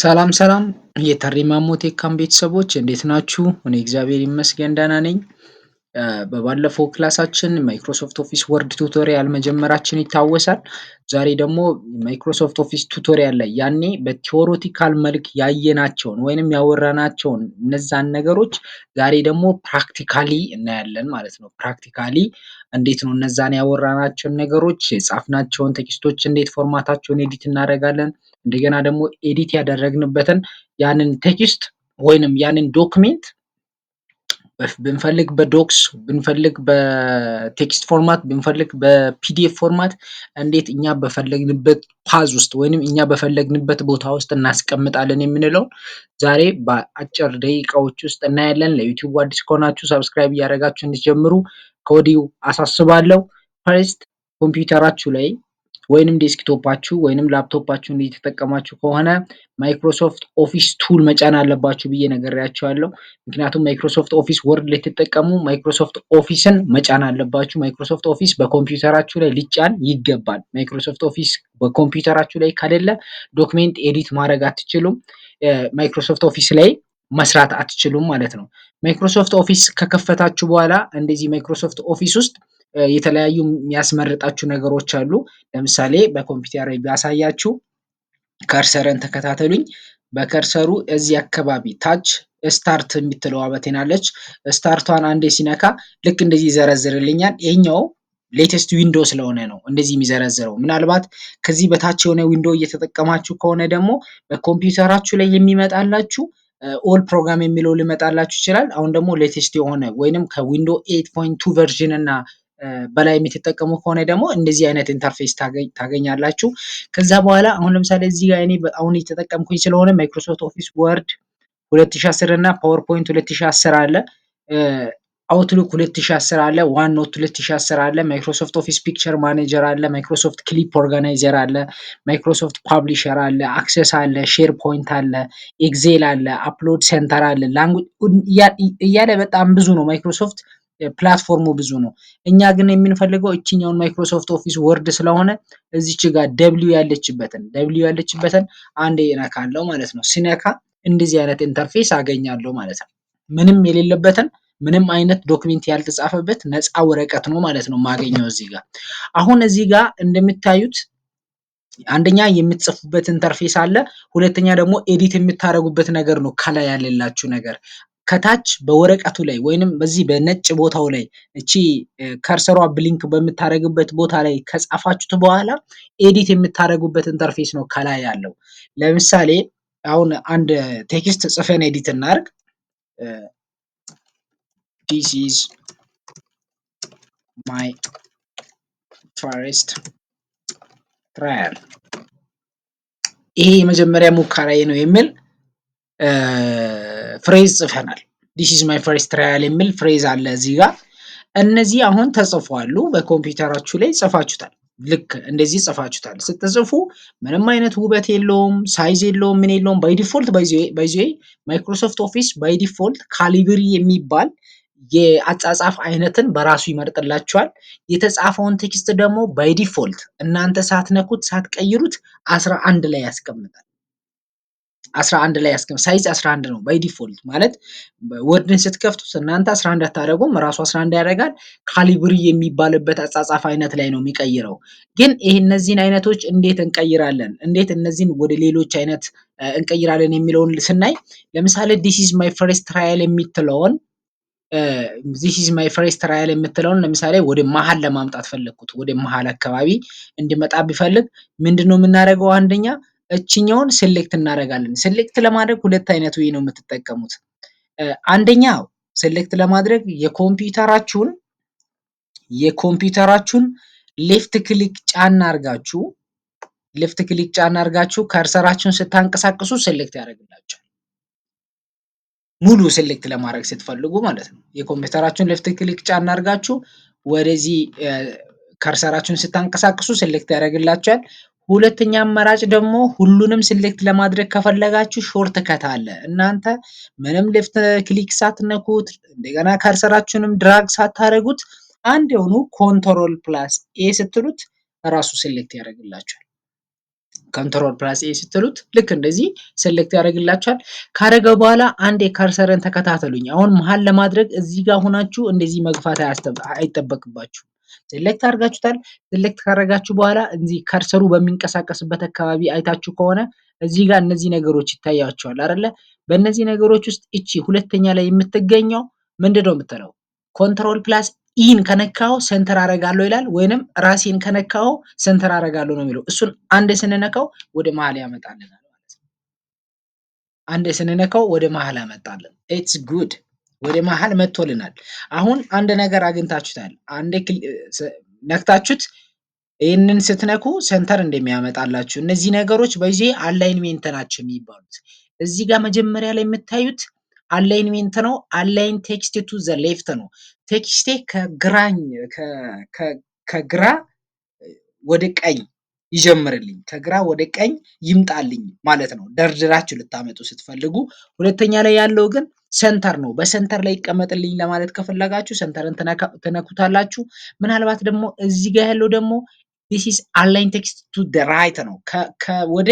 ሰላም ሰላም የተሪማሞ ቴካም ቤተሰቦች እንዴት ናችሁ? እኔ እግዚአብሔር ይመስገን ደህና ነኝ። በባለፈው ክላሳችን ማይክሮሶፍት ኦፊስ ወርድ ቱቶሪያል መጀመራችን ይታወሳል። ዛሬ ደግሞ ማይክሮሶፍት ኦፊስ ቱቶሪያል ላይ ያኔ በቲዎሮቲካል መልክ ያየናቸውን ወይንም ያወራናቸውን እነዛን ነገሮች ዛሬ ደግሞ ፕራክቲካሊ እናያለን ማለት ነው። ፕራክቲካሊ እንዴት ነው እነዛን ያወራናቸውን ነገሮች የጻፍናቸውን ቴክስቶች እንዴት ፎርማታቸውን ኤዲት እናደርጋለን እንደገና ደግሞ ኤዲት ያደረግንበትን ያንን ቴክስት ወይንም ያንን ዶክሜንት ብንፈልግ በዶክስ ብንፈልግ በቴክስት ፎርማት ብንፈልግ በፒዲኤፍ ፎርማት እንዴት እኛ በፈለግንበት ፓዝ ውስጥ ወይንም እኛ በፈለግንበት ቦታ ውስጥ እናስቀምጣለን የምንለው ዛሬ በአጭር ደቂቃዎች ውስጥ እናያለን። ለዩቲዩብ አዲስ ከሆናችሁ ሰብስክራይብ እያደረጋችሁ እንዲጀምሩ ከወዲሁ አሳስባለሁ። ፈርስት ኮምፒውተራችሁ ላይ ወይንም ዴስክቶፓችሁ ወይንም ላፕቶፓችሁን እየተጠቀማችሁ ከሆነ ማይክሮሶፍት ኦፊስ ቱል መጫን አለባችሁ ብዬ ነግሬያችኋለሁ። ምክንያቱም ማይክሮሶፍት ኦፊስ ወርድ ልትጠቀሙ ማይክሮሶፍት ኦፊስን መጫን አለባችሁ። ማይክሮሶፍት ኦፊስ በኮምፒውተራችሁ ላይ ሊጫን ይገባል። ማይክሮሶፍት ኦፊስ በኮምፒውተራችሁ ላይ ከሌለ ዶክሜንት ኤዲት ማድረግ አትችሉም። ማይክሮሶፍት ኦፊስ ላይ መስራት አትችሉም ማለት ነው። ማይክሮሶፍት ኦፊስ ከከፈታችሁ በኋላ እንደዚህ ማይክሮሶፍት ኦፊስ ውስጥ የተለያዩ የሚያስመርጣችሁ ነገሮች አሉ። ለምሳሌ በኮምፒውተር ቢያሳያችሁ ከርሰርን ተከታተሉኝ። በከርሰሩ እዚህ አካባቢ ታች ስታርት የምትለዋ በቴናለች። ስታርቷን አንዴ ሲነካ ልክ እንደዚህ ይዘረዝርልኛል። ይሄኛው ሌቴስት ዊንዶ ስለሆነ ነው እንደዚህ የሚዘረዝረው። ምናልባት ከዚህ በታች የሆነ ዊንዶ እየተጠቀማችሁ ከሆነ ደግሞ በኮምፒውተራችሁ ላይ የሚመጣላችሁ ኦል ፕሮግራም የሚለው ሊመጣላችሁ ይችላል። አሁን ደግሞ ሌቴስት የሆነ ወይንም ከዊንዶ ኤት ፖይንት ቱ ቨርዥን እና በላይ የምትጠቀሙ ከሆነ ደግሞ እንደዚህ አይነት ኢንተርፌስ ታገኛላችሁ። ከዛ በኋላ አሁን ለምሳሌ እዚህ ጋር እኔ አሁን የተጠቀምኩኝ ስለሆነ ማይክሮሶፍት ኦፊስ ወርድ 2010 እና ፓወርፖይንት 2010 አለ፣ አውትሉክ 2010 አለ፣ ዋን ኖት 2010 አለ፣ ማይክሮሶፍት ኦፊስ ፒክቸር ማኔጀር አለ፣ ማይክሮሶፍት ክሊፕ ኦርጋናይዘር አለ፣ ማይክሮሶፍት ፓብሊሸር አለ፣ አክሰስ አለ፣ ሼር ፖይንት አለ፣ ኤግዜል አለ፣ አፕሎድ ሴንተር አለ፣ ላንጉጅ እያለ በጣም ብዙ ነው ማይክሮሶፍት ፕላትፎርሙ ብዙ ነው። እኛ ግን የምንፈልገው እችኛውን ማይክሮሶፍት ኦፊስ ወርድ ስለሆነ እዚች ጋር ደብሊው ያለችበትን ደብሊው ያለችበትን አንድ የነካለው ማለት ነው። ሲነካ እንደዚህ አይነት ኢንተርፌስ አገኛለሁ ማለት ነው። ምንም የሌለበትን ምንም አይነት ዶክሜንት ያልተጻፈበት ነፃ ወረቀት ነው ማለት ነው ማገኘው እዚህ ጋር። አሁን እዚህ ጋር እንደምታዩት አንደኛ የምትጽፉበት ኢንተርፌስ አለ፣ ሁለተኛ ደግሞ ኤዲት የምታደርጉበት ነገር ነው ከላይ ያለላችሁ ነገር ከታች በወረቀቱ ላይ ወይንም በዚህ በነጭ ቦታው ላይ እቺ ከርሰሯ ብሊንክ በምታደርግበት ቦታ ላይ ከጻፋችሁት በኋላ ኤዲት የምታደርጉበት ኢንተርፌስ ነው ከላይ ያለው። ለምሳሌ አሁን አንድ ቴክስት ጽፈን ኤዲት እናርግ። ዲስ ኢዝ ማይ ፈርስት ትራያል ይሄ የመጀመሪያ ሙከራዬ ነው የሚል ፍሬዝ ጽፈናል። ዲስ ኢዝ ማይ ፈርስት ትራያል የሚል ፍሬዝ አለ እዚህ ጋር። እነዚህ አሁን ተጽፏሉ። በኮምፒውተራችሁ ላይ ጽፋችሁታል። ልክ እንደዚህ ጽፋችሁታል። ስትጽፉ ምንም አይነት ውበት የለውም፣ ሳይዝ የለውም፣ ምን የለውም። ባይ ዲፎልት ማይክሮሶፍት ኦፊስ ባይ ዲፎልት ካሊብሪ የሚባል የአጻጻፍ አይነትን በራሱ ይመርጥላችኋል። የተጻፈውን ቴክስት ደግሞ ባይ ዲፎልት እናንተ ሳትነኩት ሳትቀይሩት አስራ አንድ ላይ ያስቀምጣል። 11 ላይ ያስቀምጥ ሳይዝ 11 ነው ባይ ዲፎልት ማለት ወርድን ስትከፍቱት እናንተ 11 አታደረጉም ራሱ 11 ያደርጋል። ካሊብሪ የሚባልበት አጻጻፍ አይነት ላይ ነው የሚቀይረው። ግን ይህ እነዚህን አይነቶች እንዴት እንቀይራለን፣ እንዴት እነዚህን ወደ ሌሎች አይነት እንቀይራለን የሚለውን ስናይ ለምሳሌ ዲስ ኢዝ ማይ ፈርስት ትራያል የሚትለውን ዚስ ኢዝ ማይ ፈርስት ትራያል የምትለውን ለምሳሌ ወደ መሀል ለማምጣት ፈለግኩት። ወደ መሀል አካባቢ እንዲመጣ ቢፈልግ ምንድነው የምናደርገው አንደኛ እችኛውን ሴሌክት እናደርጋለን። ሴሌክት ለማድረግ ሁለት አይነት ወይ ነው የምትጠቀሙት። አንደኛው ሴሌክት ለማድረግ የኮምፒውተራችሁን የኮምፒውተራችሁን ሌፍት ክሊክ ጫና አርጋችሁ ሌፍት ክሊክ ጫና አርጋችሁ ከርሰራችሁን ስታንቀሳቅሱ ሴሌክት ያደርግላችኋል። ሙሉ ሴሌክት ለማድረግ ስትፈልጉ ማለት ነው። የኮምፒውተራችሁን ሌፍት ክሊክ ጫና አርጋችሁ ወደዚህ ከርሰራችሁን ስታንቀሳቅሱ ሴሌክት ያደርግላችኋል። ሁለተኛ አማራጭ ደግሞ ሁሉንም ሴሌክት ለማድረግ ከፈለጋችሁ ሾርት ከት አለ። እናንተ ምንም ሌፍት ክሊክ ሳትነኩት እንደገና ከርሰራችሁንም ድራግ ሳታደረጉት አንድ የሆኑ ኮንትሮል ፕላስ ኤ ስትሉት ራሱ ሴሌክት ያደርግላችኋል። ኮንትሮል ፕላስ ኤ ስትሉት ልክ እንደዚህ ሴሌክት ያደርግላችኋል። ካደረገ በኋላ አንድ የካርሰርን ተከታተሉኝ። አሁን መሀል ለማድረግ እዚህ ጋር ሆናችሁ እንደዚህ መግፋት አይጠበቅባችሁ ሴሌክት አድርጋችሁታል። ሴሌክት ካረጋችሁ በኋላ እዚህ ከርሰሩ በሚንቀሳቀስበት አካባቢ አይታችሁ ከሆነ እዚህ ጋር እነዚህ ነገሮች ይታያቸዋል አይደለ? በእነዚህ ነገሮች ውስጥ እቺ ሁለተኛ ላይ የምትገኘው ምንድነው የምትለው? ኮንትሮል ፕላስ ኢን ከነካው ሴንተር አረጋለሁ ይላል። ወይንም ራሴን ከነካው ሴንተር አረጋለሁ ነው የሚለው። እሱን አንድ ስንነካው ወደ መሀል ያመጣልናል ማለት ነው። አንድ ስንነካው ወደ መሀል ያመጣልን። ኢትስ ጉድ ወደ መሀል መጥቶልናል። አሁን አንድ ነገር አግኝታችሁታል። አንዴ ነክታችሁት ይህንን ስትነኩ ሴንተር እንደሚያመጣላችሁ እነዚህ ነገሮች በዚህ አላይንሜንት ናቸው የሚባሉት። እዚህ ጋር መጀመሪያ ላይ የምታዩት አላይንሜንት ነው። አላይን ቴክስት ቱ ዘ ሌፍት ነው። ቴክስቴ ከግራ ወደ ቀኝ ይጀምርልኝ ከግራ ወደ ቀኝ ይምጣልኝ ማለት ነው፣ ደርድራችሁ ልታመጡ ስትፈልጉ። ሁለተኛ ላይ ያለው ግን ሰንተር ነው። በሰንተር ላይ ይቀመጥልኝ ለማለት ከፈለጋችሁ ሰንተርን ትነኩታላችሁ። ምናልባት ደግሞ እዚህ ጋር ያለው ደግሞ ዲስ አላይን ቴክስት ቱ ራይት ነው። ወደ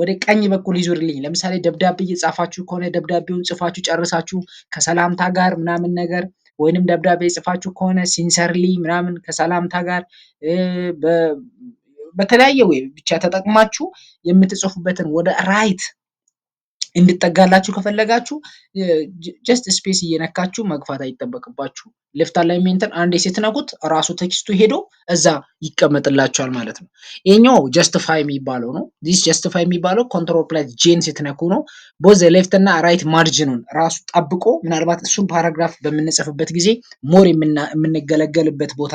ወደ ቀኝ በኩል ይዞርልኝ። ለምሳሌ ደብዳቤ እየጻፋችሁ ከሆነ ደብዳቤውን ጽፋችሁ ጨርሳችሁ ከሰላምታ ጋር ምናምን ነገር ወይንም ደብዳቤ ጽፋችሁ ከሆነ ሲንሰርሊ ምናምን ከሰላምታ ጋር በተለያየ ወይ ብቻ ተጠቅማችሁ የምትጽፉበትን ወደ ራይት እንድጠጋላችሁ ከፈለጋችሁ ጀስት ስፔስ እየነካችሁ መግፋት አይጠበቅባችሁም። ሌፍት አላይንመንትን አንዴ ስትነኩት ራሱ ቴክስቱ ሄዶ እዛ ይቀመጥላችኋል ማለት ነው። ይሄኛው ጀስቲፋይ የሚባለው ነው። ዚስ ጀስቲፋይ የሚባለው ኮንትሮል ፕላስ ጄን ስትነኩ ነው። ቦዝ ሌፍት እና ራይት ማርጅኑን ራሱ ጠብቆ ምናልባት እሱን ፓራግራፍ በምንጽፍበት ጊዜ ሞር የምንገለገልበት ቦታ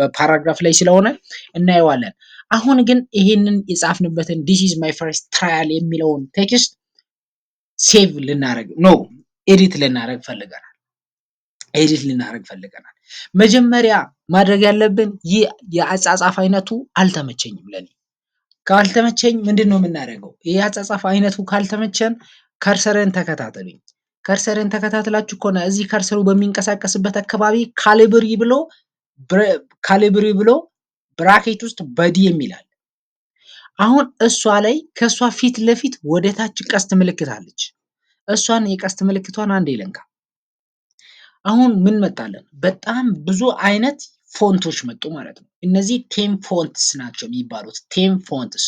በፓራግራፍ ላይ ስለሆነ እናየዋለን። አሁን ግን ይሄንን የጻፍንበትን ዲስ ኢዝ ማይ ፈርስት ትራያል የሚለውን ቴክስት ሴቭ ልናደረግ ኖ ኤዲት ልናደረግ ፈልገናል። ኤዲት ልናደረግ ፈልገናል። መጀመሪያ ማድረግ ያለብን ይህ የአጻጻፍ አይነቱ አልተመቸኝም ለኔ ካልተመቸኝ ምንድን ነው የምናደርገው? ይህ የአጻጻፍ አይነቱ ካልተመቸን ከርሰርን ተከታተሉኝ። ከርሰርን ተከታትላችሁ ከሆነ እዚህ ከርሰሩ በሚንቀሳቀስበት አካባቢ ካሊብሪ ብሎ ካሊብሪ ብሎ ብራኬት ውስጥ በዲ የሚላል አሁን እሷ ላይ ከእሷ ፊት ለፊት ወደ ታች ቀስት ምልክት አለች። እሷን የቀስት ምልክቷን አንድ ይለንካ። አሁን ምን መጣለን? በጣም ብዙ አይነት ፎንቶች መጡ ማለት ነው። እነዚህ ቴም ፎንትስ ናቸው የሚባሉት። ቴም ፎንትስ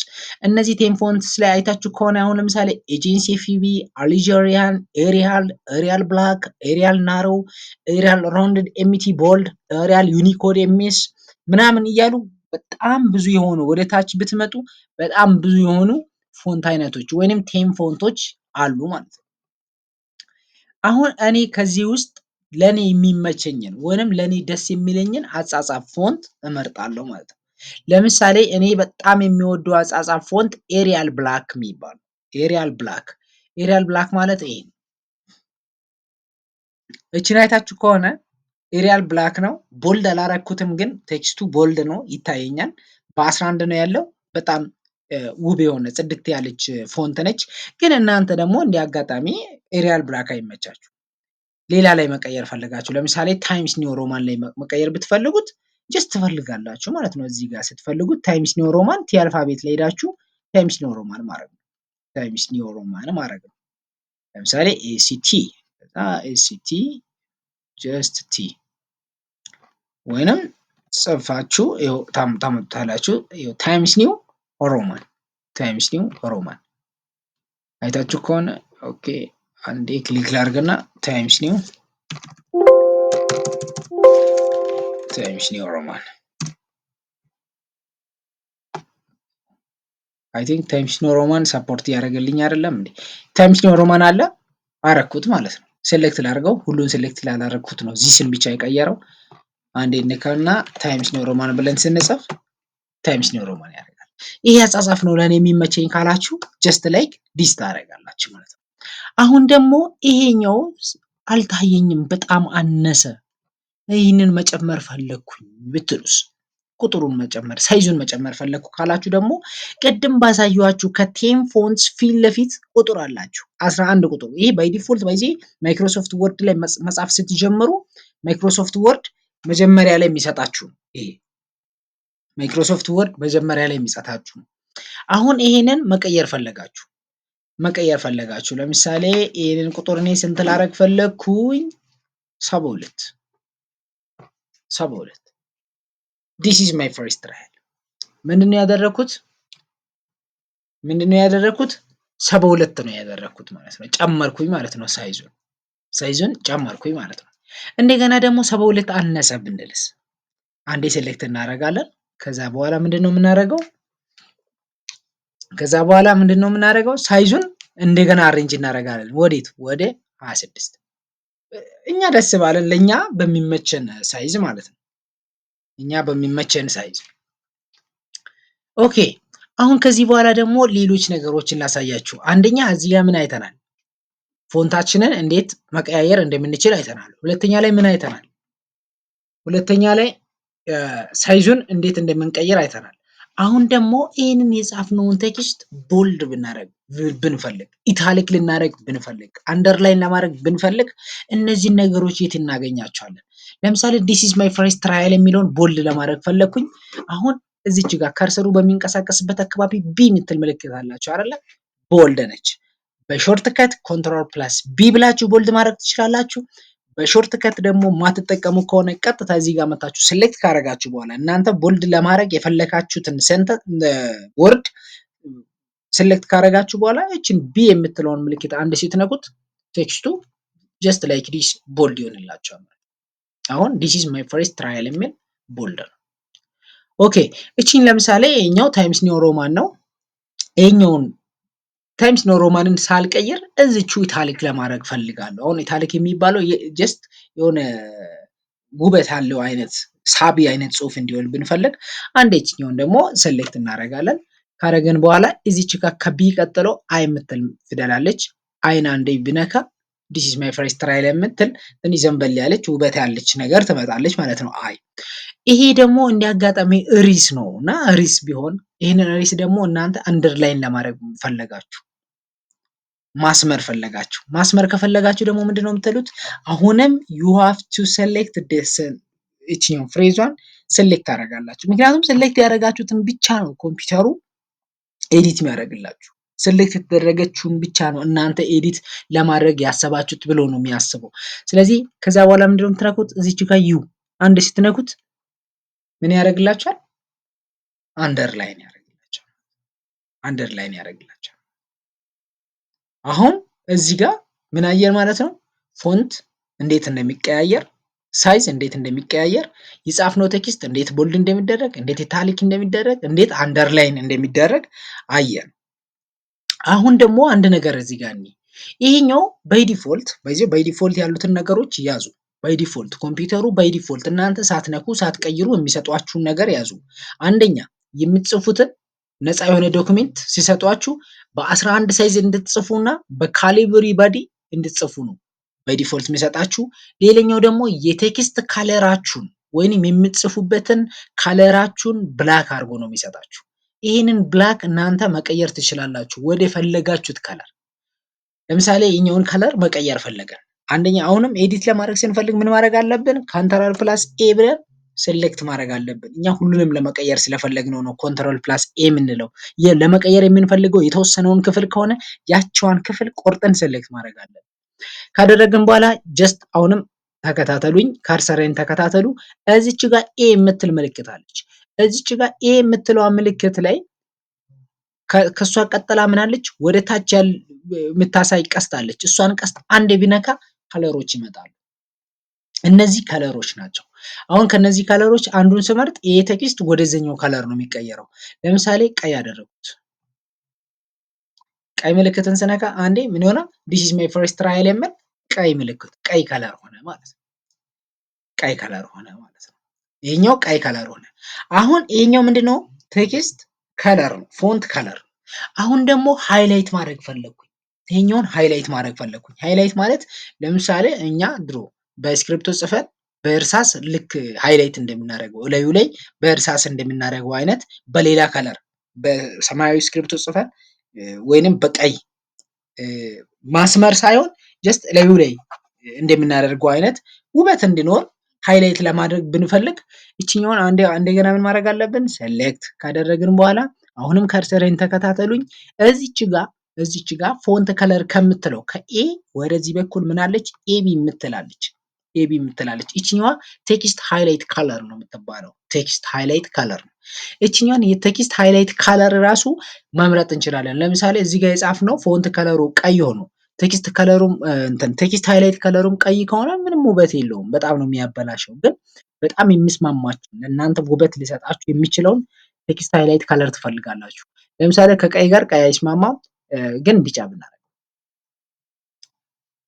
እነዚህ ቴም ፎንትስ ላይ አይታችሁ ከሆነ አሁን ለምሳሌ ኤጀንሲ ፊቢ፣ አልጀሪያን፣ ኤሪያል፣ ኤሪያል ብላክ፣ ኤሪያል ናሮው፣ ኤሪያል ናሮ ኤሪያል ራውንድድ ኤሚቲ ቦልድ፣ ኤሪያል ዩኒኮድ ኤምኤስ ምናምን እያሉ በጣም ብዙ የሆኑ ወደ ታች ብትመጡ በጣም ብዙ የሆኑ ፎንት አይነቶች ወይንም ቴም ፎንቶች አሉ ማለት ነው። አሁን እኔ ከዚህ ውስጥ ለእኔ የሚመቸኝን ወይንም ለእኔ ደስ የሚለኝን አጻጻፍ ፎንት እመርጣለሁ ማለት ነው። ለምሳሌ እኔ በጣም የሚወደው አጻጻፍ ፎንት ኤሪያል ብላክ የሚባል ኤሪያል ብላክ ኤሪያል ብላክ ማለት ይሄ ነው። እችን አይታችሁ ከሆነ ኤሪያል ብላክ ነው። ቦልድ አላረኩትም፣ ግን ቴክስቱ ቦልድ ነው ይታየኛል። በ11 ነው ያለው። በጣም ውብ የሆነ ጽድት ያለች ፎንት ነች። ግን እናንተ ደግሞ እንዲህ አጋጣሚ ኤሪያል ብላክ አይመቻችሁ፣ ሌላ ላይ መቀየር ፈልጋችሁ፣ ለምሳሌ ታይምስ ኒው ሮማን ላይ መቀየር ብትፈልጉት ጀስት ትፈልጋላችሁ ማለት ነው። እዚህ ጋር ስትፈልጉት ታይምስ ኒው ሮማን ቲ አልፋቤት ላይ ሄዳችሁ ታይምስ ኒው ሮማን ማድረግ ነው። ታይምስ ኒው ሮማን ማድረግ ነው። ለምሳሌ ኤሲቲ ኤሲቲ ጀስት ቲ ወይንም ጽፋችሁ ታመጡታላችሁ። ታይምስ ኒው ሮማን ታይምስ ኒው ሮማን አይታችሁ ከሆነ ኦኬ፣ አንዴ ክሊክ ላድርግና ታይምስ ኒው ታይምስ ኒው ሮማን አይ ቲንክ ታይምስ ኒው ሮማን ሰፖርት እያደረገልኝ አይደለም እንዴ? ታይምስ ኒው ሮማን አለ አረኩት ማለት ነው። ሴሌክት ላድርገው። ሁሉን ሴሌክት ላላረግኩት ነው ዚስን ብቻ የቀየረው። አንዴ እንካና ታይምስ ኒው ሮማን ብለን ስንጽፍ ታይምስ ኒው ሮማን ያደርጋል። ይሄ አጻጻፍ ነው ለእኔ የሚመቸኝ ካላችሁ ጀስት ላይክ ዲስ ታደርጋላችሁ ማለት ነው። አሁን ደግሞ ይሄኛው አልታየኝም፣ በጣም አነሰ፣ ይህንን መጨመር ፈለግኩኝ ብትሉስ ቁጥሩን መጨመር ሳይዙን መጨመር ፈለግኩ ካላችሁ ደግሞ ቅድም ባሳየኋችሁ ከቴም ፎንትስ ፊት ለፊት ቁጥር አላችሁ 11 ቁጥሩ ይህ በዲፎልት ባይዜ ማይክሮሶፍት ወርድ ላይ መጻፍ ስትጀምሩ ማይክሮሶፍት ወርድ መጀመሪያ ላይ የሚሰጣችሁ ይሄ ማይክሮሶፍት ወርድ መጀመሪያ ላይ የሚሰጣችሁ አሁን ይሄንን መቀየር ፈለጋችሁ መቀየር ፈለጋችሁ ለምሳሌ ይህንን ቁጥር እኔ ስንት ላረግ ፈለግኩኝ ሰባ ሁለት ሰባ ሁለት ዲስ ኢዝ ማይ ፈርስት ትራያል ምንድነው ያደረኩት? ምንድነው ያደረኩት? ሰባ ሁለት ነው ያደረኩት ማለት ነው። ጨመርኩኝ ማለት ነው። ሳይዙን ሳይዙን ጨመርኩኝ ማለት ነው። እንደገና ደግሞ ሰባ ሁለት አነሰ ብንልስ አንዴ ሴሌክት እናደርጋለን። ከዛ በኋላ ምንድን ነው የምናደርገው? ከዛ በኋላ ምንድን ነው የምናደርገው? ሳይዙን እንደገና አሬንጅ እናደርጋለን። ወዴት? ወደ 26 እኛ ደስ ባለን ለእኛ በሚመቸን ሳይዝ ማለት ነው። እኛ በሚመቸን ሳይዝ። ኦኬ አሁን ከዚህ በኋላ ደግሞ ሌሎች ነገሮችን ላሳያችሁ። አንደኛ እዚህ ጋር ምን አይተናል? ፎንታችንን እንዴት መቀያየር እንደምንችል አይተናል። ሁለተኛ ላይ ምን አይተናል? ሁለተኛ ላይ ሳይዙን እንዴት እንደምንቀይር አይተናል። አሁን ደግሞ ይህንን የጻፍነውን ቴክስት ቦልድ ብናደረግ ብንፈልግ፣ ኢታሊክ ልናደረግ ብንፈልግ፣ አንደርላይን ለማድረግ ብንፈልግ እነዚህን ነገሮች የት እናገኛቸዋለን? ለምሳሌ ዲስ ኢዝ ማይ ፈርስት ትራያል የሚለውን ቦልድ ለማድረግ ፈለግኩኝ። አሁን እዚች ጋር ከርሰሩ በሚንቀሳቀስበት አካባቢ ቢ የምትል ምልክት አላቸው አይደለ? ቦልድ ነች። በሾርት ከት ኮንትሮል ፕላስ ቢ ብላችሁ ቦልድ ማድረግ ትችላላችሁ። በሾርት ከት ደግሞ ማትጠቀሙ ከሆነ ቀጥታ እዚህ ጋር መታችሁ ሴሌክት ካደረጋችሁ በኋላ እናንተ ቦልድ ለማድረግ የፈለካችሁትን ሰንተን ወርድ ሴሌክት ካደረጋችሁ በኋላ እችን ቢ የምትለውን ምልክት አንድ ሴት ነቁት ቴክስቱ ጀስት ላይክ ዲስ ቦልድ ይሆንላችኋል። አሁን ዲስ ኢዝ ማይ ፈርስት ትራያል የሚል ቦልድ ነው። ኦኬ እቺን ለምሳሌ ይሄኛው ታይምስ ኒው ሮማን ነው። ይሄኛውን ታይምስ ኒው ሮማንን ሳልቀይር እዚቹ ኢታሊክ ለማድረግ ፈልጋለሁ። አሁን ኢታሊክ የሚባለው ጀስት የሆነ ውበት አለው አይነት ሳቢ አይነት ጽሁፍ እንዲሆን ብንፈልግ አንድ ይችኛውን ደግሞ ሴሌክት እናደርጋለን። ካረገን በኋላ እዚች ጋር ከቢ ቀጥሎ አይ የምትል ፊደላለች። አይን አንዴ ብነካ ኢዝ ማይ ፈርስት ትራይል የምትል እንዲህ ዘንበል ያለች ውበት ያለች ነገር ትመጣለች ማለት ነው። አይ ይሄ ደግሞ እንዲያጋጣሚ ሪስ ነው እና ሪስ ቢሆን ይህንን ሪስ ደግሞ እናንተ አንደርላይን ለማድረግ ፈለጋችሁ ማስመር ፈለጋችሁ ማስመር ከፈለጋችሁ ደግሞ ምንድነው የምትሉት? አሁንም ዩ ሃቭ ቱ ሴሌክት ደስን ፍሬዟን ሴሌክት ታደርጋላችሁ። ምክንያቱም ሴሌክት ያደረጋችሁትን ብቻ ነው ኮምፒውተሩ ኤዲት የሚያደርግላችሁ። ሴሌክት የተደረገችውን ብቻ ነው እናንተ ኤዲት ለማድረግ ያሰባችሁት ብሎ ነው የሚያስበው። ስለዚህ ከዛ በኋላ ምንድነው የምትነኩት? እዚች ጋር ዩ አንድ ስትነኩት ምን ያደርግላችኋል? አንደርላይን ያደርግላችኋል። አንደርላይን ያደርግላችኋል። አሁን እዚህ ጋር ምን አየር ማለት ነው ፎንት እንዴት እንደሚቀያየር ሳይዝ እንዴት እንደሚቀያየር የጻፍነው ቴክስት እንዴት ቦልድ እንደሚደረግ እንዴት ኢታሊክ እንደሚደረግ እንዴት አንደርላይን እንደሚደረግ አየን። አሁን ደግሞ አንድ ነገር እዚህ ጋር እኔ ይሄኛው ባይዲፎልት በዚህ ባይዲፎልት ያሉትን ነገሮች ያዙ። ባይዲፎልት ኮምፒውተሩ ባይዲፎልት እናንተ ሳትነኩ ሳትቀይሩ የሚሰጧችሁን ነገር ያዙ። አንደኛ የምትጽፉትን ነፃ የሆነ ዶክሜንት ሲሰጧችሁ በ11 ሳይዝ እንድትጽፉና በካሊብሪ ባዲ እንድትጽፉ ነው በዲፎልት የሚሰጣችሁ። ሌላኛው ደግሞ የቴክስት ካለራችሁን ወይንም የምትጽፉበትን ካለራችሁን ብላክ አድርጎ ነው የሚሰጣችሁ። ይህንን ብላክ እናንተ መቀየር ትችላላችሁ ወደ የፈለጋችሁት ከለር። ለምሳሌ የኛውን ከለር መቀየር ፈለገን አንደኛ አሁንም ኤዲት ለማድረግ ስንፈልግ ምን ማድረግ አለብን? ካንተራል ፕላስ ኤ ብለን ሴሌክት ማድረግ አለብን። እኛ ሁሉንም ለመቀየር ስለፈለግነው ነው ኮንትሮል ፕላስ ኤ የምንለው። ለመቀየር የምንፈልገው የተወሰነውን ክፍል ከሆነ ያቸዋን ክፍል ቆርጠን ሴሌክት ማድረግ አለብን። ካደረግን በኋላ ጀስት አሁንም ተከታተሉኝ፣ ካርሰሬን ተከታተሉ። እዚች ጋር ኤ የምትል ምልክት አለች። እዚች ጋር ኤ የምትለዋ ምልክት ላይ ከእሷ ቀጥላ ምናለች ወደ ታች የምታሳይ ቀስት አለች። እሷን ቀስት አንድ ቢነካ ከለሮች ይመጣሉ። እነዚህ ከለሮች ናቸው። አሁን ከነዚህ ከለሮች አንዱን ስመርጥ ይሄ ቴክስት ወደዚህኛው ከለር ነው የሚቀየረው። ለምሳሌ ቀይ አደረጉት። ቀይ ምልክትን ስነካ አንዴ ምን ሆነ? ዲስ ኢዝ ማይ ፈርስት ትራያል የምል ቀይ ምልክት ቀይ ከለር ሆነ ማለት ነው። ቀይ ከለር ሆነ ማለት ነው። ይሄኛው ቀይ ከለር ሆነ። አሁን ይሄኛው ምንድነው? ቴክስት ከለር ነው፣ ፎንት ከለር። አሁን ደግሞ ሃይላይት ማድረግ ፈለግኩኝ። ይሄኛውን ሃይላይት ማድረግ ፈለግኩኝ። ሃይላይት ማለት ለምሳሌ እኛ ድሮ በስክሪፕቶ ጽፈን በእርሳስ ልክ ሃይላይት እንደምናደርገው እላዩ ላይ በእርሳስ እንደምናደርገው አይነት በሌላ ከለር በሰማያዊ ስክሪፕቶ ጽፈን ወይንም በቀይ ማስመር ሳይሆን ጀስት እላዩ ላይ እንደምናደርገው አይነት ውበት እንዲኖር ሃይላይት ለማድረግ ብንፈልግ ይችኛውን እንደገና ምን ማድረግ አለብን? ሴሌክት ካደረግን በኋላ አሁንም ከርሰርን ተከታተሉኝ። እዚች ጋ እዚች ጋ ፎንት ከለር ከምትለው ከኤ ወደዚህ በኩል ምናለች? ኤቢ የምትላለች ኤቢ የምትላለች እችኛዋ ቴክስት ሃይላይት ካለር ነው የምትባለው። ቴክስት ሃይላይት ካለር ነው። ይችኛዋን የቴክስት ሃይላይት ካለር ራሱ መምረጥ እንችላለን። ለምሳሌ እዚህ ጋር የጻፍነው ፎንት ከለሩ ቀይ ሆኖ ቴክስት ከለሩም እንትን ቴክስት ሃይላይት ከለሩም ቀይ ከሆነ ምንም ውበት የለውም። በጣም ነው የሚያበላሸው። ግን በጣም የሚስማማችሁ ለእናንተ ውበት ሊሰጣችሁ የሚችለውን ቴክስት ሃይላይት ከለር ትፈልጋላችሁ። ለምሳሌ ከቀይ ጋር ቀይ አይስማማም፣ ግን ቢጫ ብናደርግ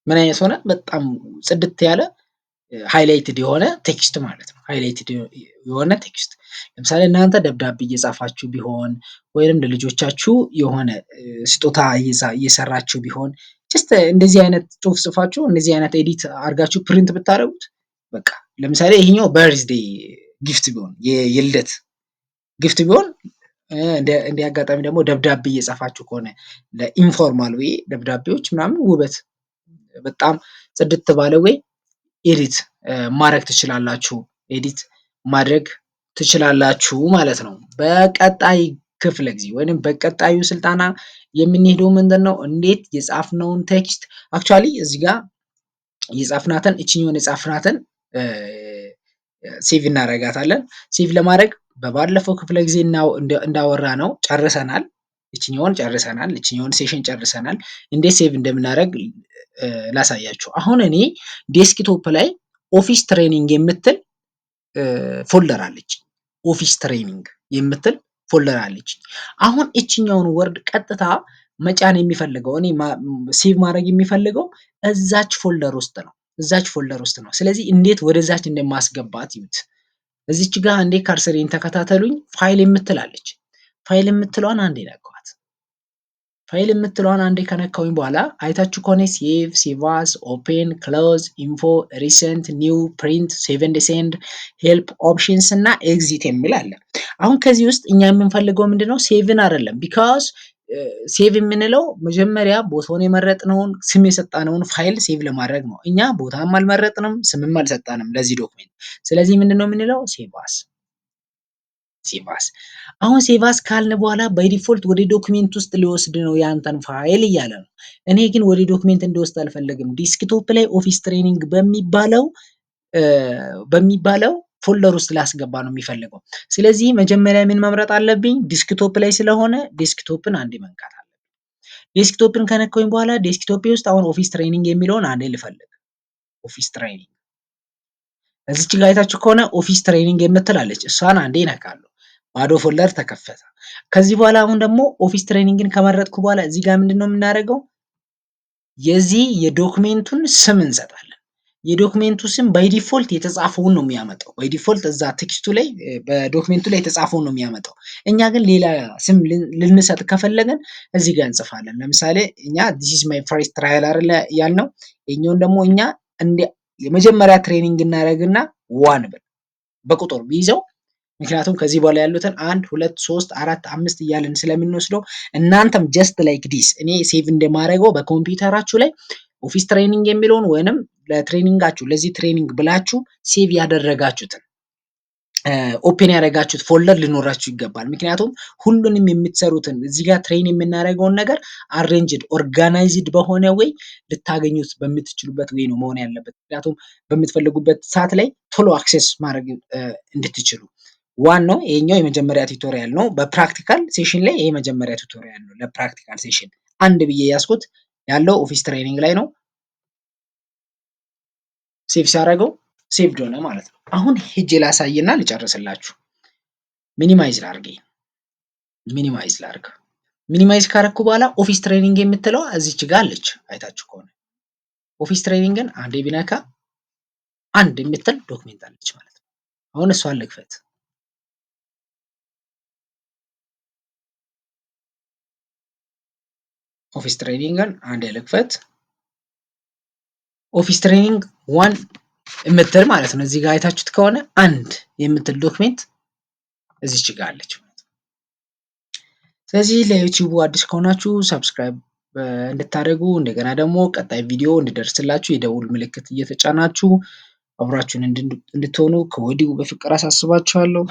ምን አይነት ሆነ? በጣም ጽድት ያለ ሃይላይትድ የሆነ ቴክስት ማለት ነው። ሃይላይትድ የሆነ ቴክስት ለምሳሌ እናንተ ደብዳቤ እየጻፋችሁ ቢሆን ወይም ለልጆቻችሁ የሆነ ስጦታ እየሰራችሁ ቢሆን ጀስት እንደዚህ አይነት ጽሁፍ ጽፋችሁ እንደዚህ አይነት ኤዲት አድርጋችሁ ፕሪንት ብታደርጉት በቃ ለምሳሌ ይሄኛው በርዝዴይ ጊፍት ቢሆን የልደት ግፍት ቢሆን እንደ አጋጣሚ ደግሞ ደብዳቤ እየጻፋችሁ ከሆነ ለኢንፎርማል ወይ ደብዳቤዎች ምናምን ውበት በጣም ጽድት ባለ ወይ ኤዲት ማድረግ ትችላላችሁ ኤዲት ማድረግ ትችላላችሁ ማለት ነው። በቀጣይ ክፍለ ጊዜ ወይም በቀጣዩ ስልጠና የምንሄደው ምንድን ነው? እንዴት የጻፍነውን ቴክስት አክቹዋሊ እዚህ ጋር የጻፍናትን እችኛውን የጻፍናትን ሴቭ እናደርጋታለን። ሴቭ ለማድረግ በባለፈው ክፍለ ጊዜ እንዳወራ ነው ጨርሰናል። ይችኛውን ጨርሰናል፣ ይችኛውን ሴሽን ጨርሰናል። እንዴት ሴቭ እንደምናደርግ ላሳያችሁ። አሁን እኔ ዴስክቶፕ ላይ ኦፊስ ትሬኒንግ የምትል ፎልደር አለች። ኦፊስ ትሬኒንግ የምትል ፎልደር አለች። አሁን እችኛውን ወርድ ቀጥታ መጫን የሚፈልገው እኔ ሴቭ ማድረግ የሚፈልገው እዛች ፎልደር ውስጥ ነው እዛች ፎልደር ውስጥ ነው። ስለዚህ እንዴት ወደዛች እንደማስገባት ይዩት። እዚች ጋር አንዴ ካርሰሬን ተከታተሉኝ። ፋይል የምትላለች ፋይል የምትለዋን አንዴ ነቀዋል። ፋይል የምትለዋን አንዴ ከነካውኝ በኋላ አይታችሁ ከሆነ ሴቭ፣ ሴቫስ፣ ኦፔን፣ ክሎዝ፣ ኢንፎ፣ ሪሰንት፣ ኒው፣ ፕሪንት፣ ሴቨንድ፣ ሴንድ፣ ሄልፕ፣ ኦፕሽንስ እና ኤግዚት የሚል አለ። አሁን ከዚህ ውስጥ እኛ የምንፈልገው ምንድነው? ሴቭን አይደለም። ቢካዝ ሴቭ የምንለው መጀመሪያ ቦታውን የመረጥነውን ስም የሰጣነውን ፋይል ሴቭ ለማድረግ ነው። እኛ ቦታም አልመረጥንም፣ ስምም አልሰጣንም ለዚህ ዶክሜንት። ስለዚህ ምንድነው የምንለው? ሴቫስ ሲቫስ አሁን ሴቫስ ካልን በኋላ በዲፎልት ወደ ዶክሜንት ውስጥ ሊወስድ ነው ያንተን ፋይል እያለ ነው። እኔ ግን ወደ ዶክሜንት እንዲወስድ አልፈልግም ዲስክቶፕ ላይ ኦፊስ ትሬኒንግ በሚባለው በሚባለው ፎልደር ውስጥ ላስገባ ነው የሚፈልገው። ስለዚህ መጀመሪያ ምን መምረጥ አለብኝ? ዲስክቶፕ ላይ ስለሆነ ዲስክቶፕን አንዴ መንካት አለብኝ። ዴስክቶፕን ከነካሁኝ በኋላ ዴስክቶፕ ውስጥ አሁን ኦፊስ ትሬኒንግ የሚለውን አንዴ ልፈልግ። ኦፊስ ትሬኒንግ እዚች ጋር አይታችሁ ከሆነ ኦፊስ ትሬኒንግ የምትላለች እሷን አንዴ ይነካሉ። ባዶ ፎልደር ተከፈተ። ከዚህ በኋላ አሁን ደግሞ ኦፊስ ትሬኒንግን ከመረጥኩ በኋላ እዚህ ጋር ምንድን ነው የምናደርገው? የዚህ የዶክሜንቱን ስም እንሰጣለን። የዶክሜንቱ ስም ባይ ዲፎልት የተጻፈውን ነው የሚያመጣው። ባይ ዲፎልት እዛ ቴክስቱ ላይ በዶክሜንቱ ላይ የተጻፈውን ነው የሚያመጣው። እኛ ግን ሌላ ስም ልንሰጥ ከፈለገን እዚህ ጋር እንጽፋለን። ለምሳሌ እኛ ዲስ ማይ ፈርስት ትራያል አይደለ ያልነው። ይሄኛውን ደግሞ እኛ የመጀመሪያ ትሬኒንግ እናደርግና ዋን ብል በቁጥር ቢይዘው ምክንያቱም ከዚህ በኋላ ያሉትን አንድ ሁለት ሶስት አራት አምስት እያለን ስለምንወስደው እናንተም ጀስት ላይክ ዲስ እኔ ሴቭ እንደማደርገው በኮምፒውተራችሁ ላይ ኦፊስ ትሬኒንግ የሚለውን ወይንም ለትሬኒንጋችሁ ለዚህ ትሬኒንግ ብላችሁ ሴቭ ያደረጋችሁትን ኦፕን ያደረጋችሁት ፎልደር ሊኖራችሁ ይገባል። ምክንያቱም ሁሉንም የምትሰሩትን እዚህ ጋር ትሬን የምናደርገውን ነገር አሬንጅድ ኦርጋናይዝድ በሆነ ወይ ልታገኙት በምትችሉበት ወይ ነው መሆን ያለበት። ምክንያቱም በምትፈልጉበት ሰዓት ላይ ቶሎ አክሴስ ማድረግ እንድትችሉ ዋናው ይሄኛው የመጀመሪያ ቱቶሪያል ነው። በፕራክቲካል ሴሽን ላይ ይሄ የመጀመሪያ ቱቶሪያል ነው። ለፕራክቲካል ሴሽን አንድ ብዬ ያስኩት ያለው ኦፊስ ትሬኒንግ ላይ ነው። ሴቭ ሲያደርገው ሴቭድ ሆነ ማለት ነው። አሁን ሄጄ ላሳይና ልጨርስላችሁ። ሚኒማይዝ ላርግ ሚኒማይዝ ላርግ ሚኒማይዝ ካረኩ በኋላ ኦፊስ ትሬኒንግ የምትለው እዚች ጋር አለች። አይታችሁ ከሆነ ኦፊስ ትሬኒንግን አንዴ ቢነካ አንድ የምትል ዶክሜንት አለች ማለት ነው። አሁን እሷን ልክፈት። ኦፊስ ትሬኒንግን አንድ ልክፈት ኦፊስ ትሬኒንግ ዋን የምትል ማለት ነው። እዚህ ጋር አይታችሁት ከሆነ አንድ የምትል ዶክሜንት እዚች ጋር አለች ስለዚህ ለዩቲዩቡ አዲስ ከሆናችሁ ሰብስክራይብ እንድታደርጉ እንደገና ደግሞ ቀጣይ ቪዲዮ እንድደርስላችሁ የደውል ምልክት እየተጫናችሁ አብራችሁን እንድትሆኑ ከወዲሁ በፍቅር አሳስባችኋለሁ።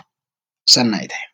ሰናይ ታይም